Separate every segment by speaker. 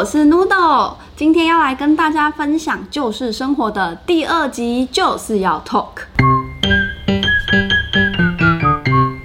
Speaker 1: 我是 Noodle，今天要來跟大家分享《就是生活》的第二集，就是要 Talk，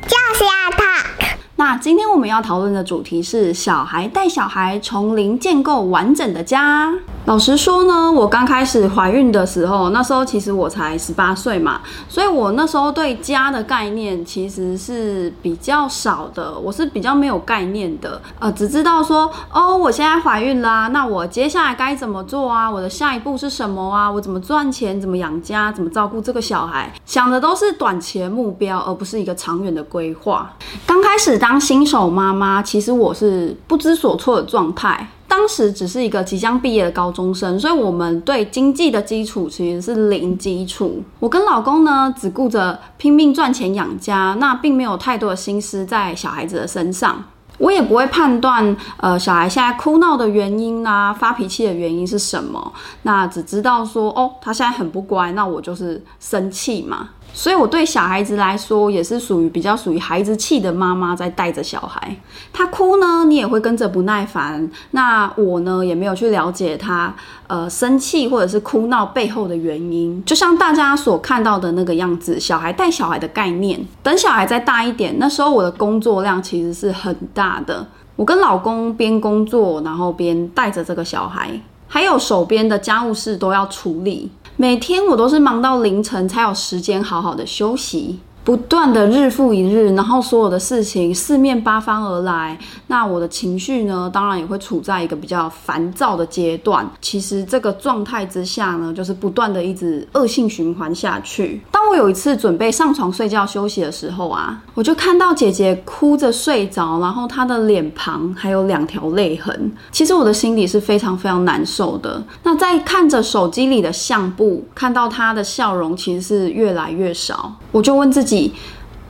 Speaker 1: 就是要 Talk。那今天我們要討論的主題是：小孩帶小孩，從零建構完整的家。老實說呢，我剛開始懷孕的時候，那時候其實我才十八歲嘛，所以我那時候對家的概念其實是比較少的，我是比較沒有概念的，呃，只知道說，哦，我現在懷孕啦，那我接下來該怎麼做啊？我的下一步是什麼啊？我怎麼賺錢？怎麼養家？怎麼照顧這個小孩？想的都是短期的目標，而不是一個長遠的規劃。剛開始當新手媽媽，其實我是不知所措的狀態。當時只是一個即將畢業的高中生，所以我們對經濟的基礎其實是零基礎。我跟老公呢，只顧着拼命賺錢養家，那並沒有太多的心思在小孩子的身上。我也不會判斷，呃，小孩現在哭鬧的原因啊，發脾氣的原因是什麼？那只知道說，哦，他現在很不乖，那我就是生氣嘛。所以，我對小孩子來說，也是屬於比較屬於孩子氣的媽媽在帶着小孩。他哭呢，你也會跟着不耐煩。那我呢，也沒有去了解他，呃，生氣或者是哭鬧背後的原因。就像大家所看到的那個樣子，小孩帶小孩的概念。等小孩再大一點，那時候我的工作量其實是很大。的，我跟老公邊工作，然後邊帶着這個小孩，還有手邊的家務事都要處理，每天我都是忙到凌晨才有時間好好的休息。不斷的日復一日，然後所有的事情四面八方而來，那我的情緒呢，當然也會處在一個比較煩躁的階段。其實這個狀態之下呢，就是不斷的一直惡性循環下去。當我有一次準備上床睡覺休息的時候啊，我就看到姐姐哭着睡着，然後她的臉龐還有兩條淚痕。其實我的心裡是非常非常難受的。那在看着手機裡的相簿，看到她的笑容其實是越來越少，我就問自己。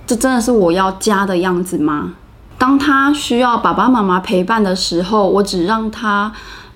Speaker 1: 這真的是我要家的樣子嗎？當他需要爸爸媽媽陪伴的時候，我只讓他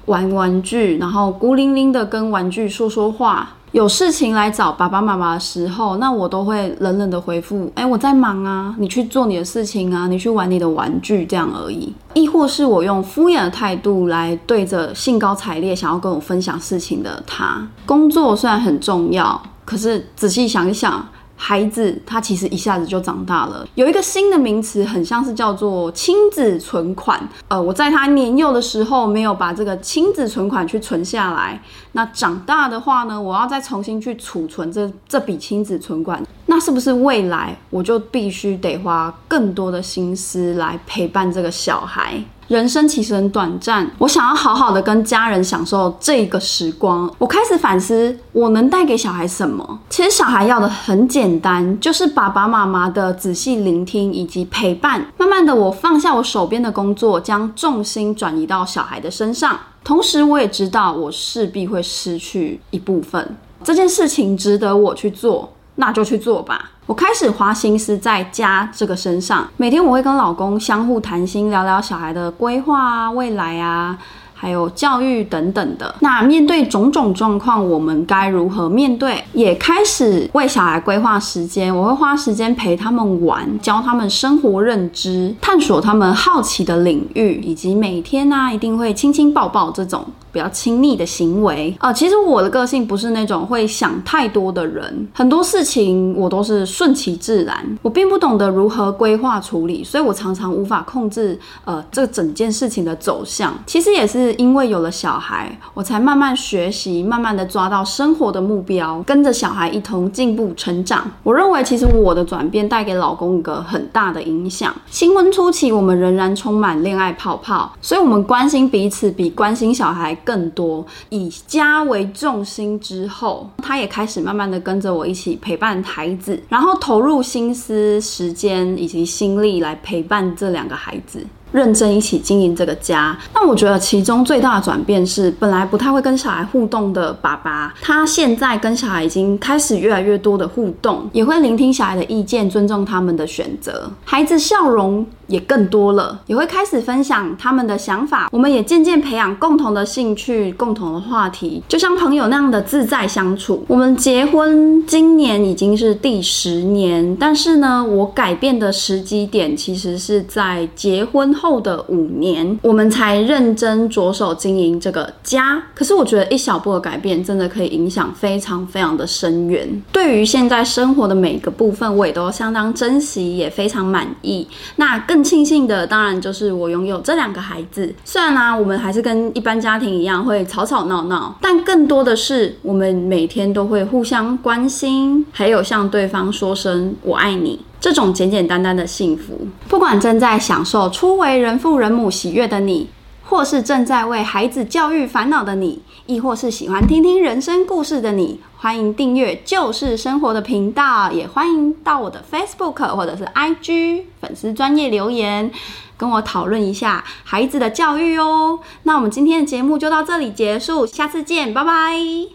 Speaker 1: 玩玩具，然後孤零零的跟玩具說說話。有事情來找爸爸媽媽的時候，那我都會冷冷的回復：“哎，我在忙啊，你去做你的事情啊，你去玩你的玩具，這樣而已。”亦或是我用敷衍的態度來對着興高采烈想要跟我分享事情的他。工作雖然很重要，可是仔細想一想。孩子他其實一下子就長大了，有一個新的名詞，很像是叫做親子存款。呃，我在他年幼的時候沒有把這個親子存款去存下來，那長大的話呢，我要再重新去儲存這這筆親子存款，那是不是未來我就必須得花更多的心思來陪伴這個小孩？人生其實很短暫，我想要好好的跟家人享受這個時光。我開始反思，我能帶給小孩什麼？其實小孩要的很簡單，就是爸爸媽媽的仔細聆聽以及陪伴。慢慢的，我放下我手邊的工作，將重心轉移到小孩的身上。同時，我也知道我勢必會失去一部分。這件事情值得我去做。那就去做吧。我開始花心思在家這個身上，每天我會跟老公相互談心，聊聊小孩的規劃啊，未來啊。還有教育等等的。那面對種種狀況，我們該如何面對？也開始為小孩規劃時間，我會花時間陪他們玩，教他們生活認知，探索他們好奇的領域，以及每天呢、啊，一定會親親抱抱這種比較親密的行為啊、呃。其實我的個性不是那種會想太多的人，很多事情我都是順其自然，我並不懂得如何規劃處理，所以我常常無法控制呃這整件事情的走向。其實也是。因為有了小孩，我才慢慢學習，慢慢的抓到生活的目標，跟着小孩一同進步成長。我認為，其實我的轉變帶給老公一個很大的影響。新婚初期，我們仍然充滿戀愛泡泡，所以我們關心彼此比關心小孩更多。以家為重心之後，他也開始慢慢的跟着我一起陪伴孩子，然後投入心思、時間以及心力來陪伴這兩個孩子。認真一起經營這個家，那我覺得其中最大的轉變是，本來不太會跟小孩互動的爸爸，他現在跟小孩已經開始越來越多的互動，也會聆聽小孩的意見，尊重他們的選擇，孩子笑容也更多了，也會開始分享他們的想法，我們也漸漸培養共同的興趣，共同的話題，就像朋友那樣的自在相處。我們結婚今年已經是第十年，但是呢，我改變的時機點其實是在結婚，後的五年，我們才認真着手經營這個家。可是我覺得，一小步的改變真的可以影響非常非常的深遠。對於現在生活的每個部分，我也都相當珍惜，也非常滿意。那更慶幸的，當然就是我擁有這兩個孩子。雖然啊，我們還是跟一般家庭一樣會吵吵鬧鬧，但更多的是我們每天都會互相關心，還有向對方說聲“我愛你”。這種簡簡單單的幸福，不管正在享受初為人父人母喜悅的你，或是正在為孩子教育煩惱的你，亦或是喜歡聽聽人生故事的你，歡迎訂閱《就是生活》的頻道，也歡迎到我的 Facebook 或者是 IG 粉絲專頁留言，跟我討論一下孩子的教育哦、喔。那我們今天的節目就到這裡結束，下次見，拜拜。